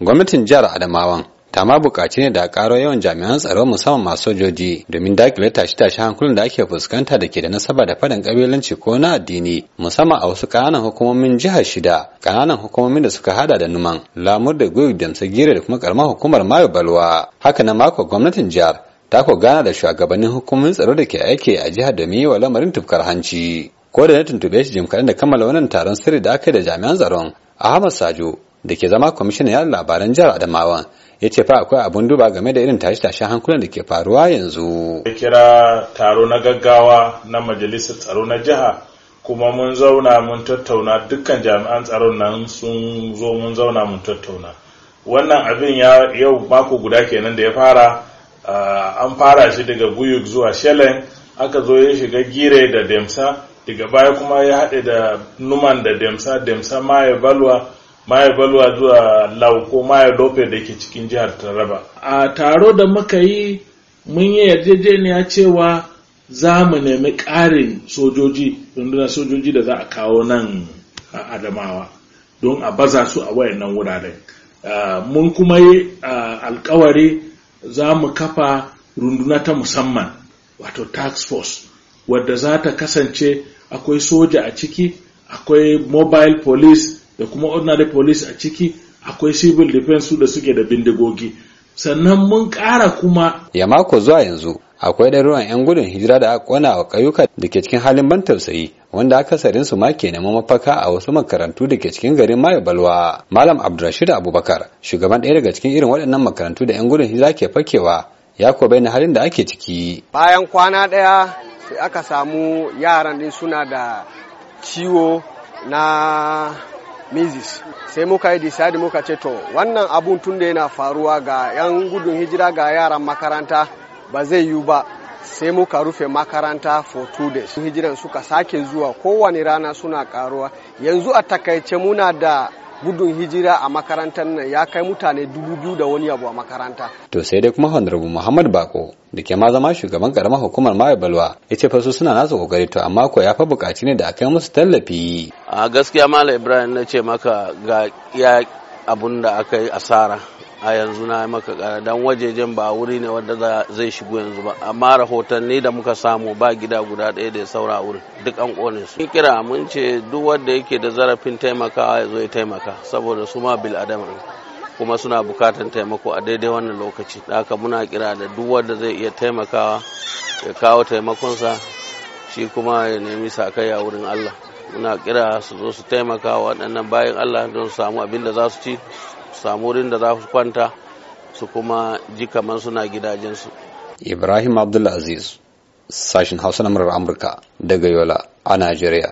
gwamnatin jihar adamawan ta ma bukaci ne da a karo yawan jami'an tsaro musamman masu sojoji domin dakile tashe tashi hankulan da ake fuskanta da ke da nasaba da faɗin kabilanci ko na addini musamman a wasu ƙananan hukumomin jihar shida ƙananan hukumomin da suka hada da numan lamur da gwiwu damsa gire da kuma karamar hukumar mayo balwa haka na mako gwamnatin jihar ta ko gana da shugabannin hukumomin tsaro da ke aiki a jihar domin yi wa lamarin tufkar hanci ko da na tuntube shi jim da kammala wannan taron sirri da aka yi da jami'an tsaron ahmad sajo da ke zama kwamishinan yada labaran jihar adamawa ya ce fa akwai abun duba game da irin tashe-tashen hankulan da ke faruwa yanzu ya kira taro na gaggawa na majalisar tsaro na jiha kuma mun zauna mun tattauna dukkan jami'an tsaron nan sun zo mun zauna mun tattauna wannan abin ya yau mako guda kenan da ya fara ah, an fara shi daga guyuk zuwa shelen aka zo ya shiga gire da demsa daga baya kuma ya haɗe da numan da demsa demsa ma ya balwa maye balwa zuwa lau ko maye lope da ke cikin jihar taraba a taro da muka yi mun yi yarjejeniya cewa za mu nemi ƙarin sojoji rundunar sojoji da za a kawo nan a adamawa don a baza su a nan wurare, mun kuma yi alkawari za mu kafa runduna ta musamman wato tax force wadda za ta kasance akwai soja a ciki akwai mobile police da kuma ordinary police a ciki akwai civil defense su da suke da bindigogi sannan mun kara kuma ya mako zuwa yanzu akwai ɗaruruwan 'yan gudun hijira da aka kona a ƙauyuka da ke cikin halin ban tausayi wanda akasarin su ma ke neman mafaka a wasu makarantu da ke cikin garin Mayo Balwa. Malam Abdulrashid Abubakar, shugaban ɗaya daga cikin irin waɗannan makarantu da 'yan gudun hijira ke fakewa, ya ko bayyana halin da ake ciki. Bayan kwana ɗaya sai aka samu yaran ɗin suna da ciwo na mizis sai muka yi decide muka ce to wannan abun tun da yana faruwa ga 'yan gudun hijira ga yaran makaranta ba zai yiwu ba sai muka rufe makaranta for two days hijiran suka sake zuwa kowane rana suna karuwa yanzu a takaice muna da gudun hijira a makarantar nan ya kai mutane dubu biyu da wani abu a makaranta. To sai dai kuma Honorable Muhammad Bako da ke ma zama shugaban karamar hukumar Mayo Balwa ya ce fasu suna nasa kokari to amma ko ya fa bukaci ne da a kai musu tallafi. A gaskiya Malam Ibrahim na ce maka ga ya abun da aka yi asara a yanzu na yi maka kara don wajejen ba wuri ne wanda zai shigo yanzu ba amma rahotanni da muka samu ba gida guda ɗaya da ya saura wuri duk an kone su kira mun ce duk wanda yake da zarafin taimakawa ya zo ya taimaka saboda su ma bil kuma suna bukatan taimako a daidai wannan lokaci da haka muna kira da duk wanda zai iya taimakawa ya kawo taimakonsa shi kuma ya nemi a wurin Allah muna kira su zo su taimaka waɗannan bayan Allah don su samu abin da za su ci samu wurin da za su kwanta su kuma ji kamar suna gidajensu ibrahim abdulaziz sashen hausa na murar amurka daga yola a najeriya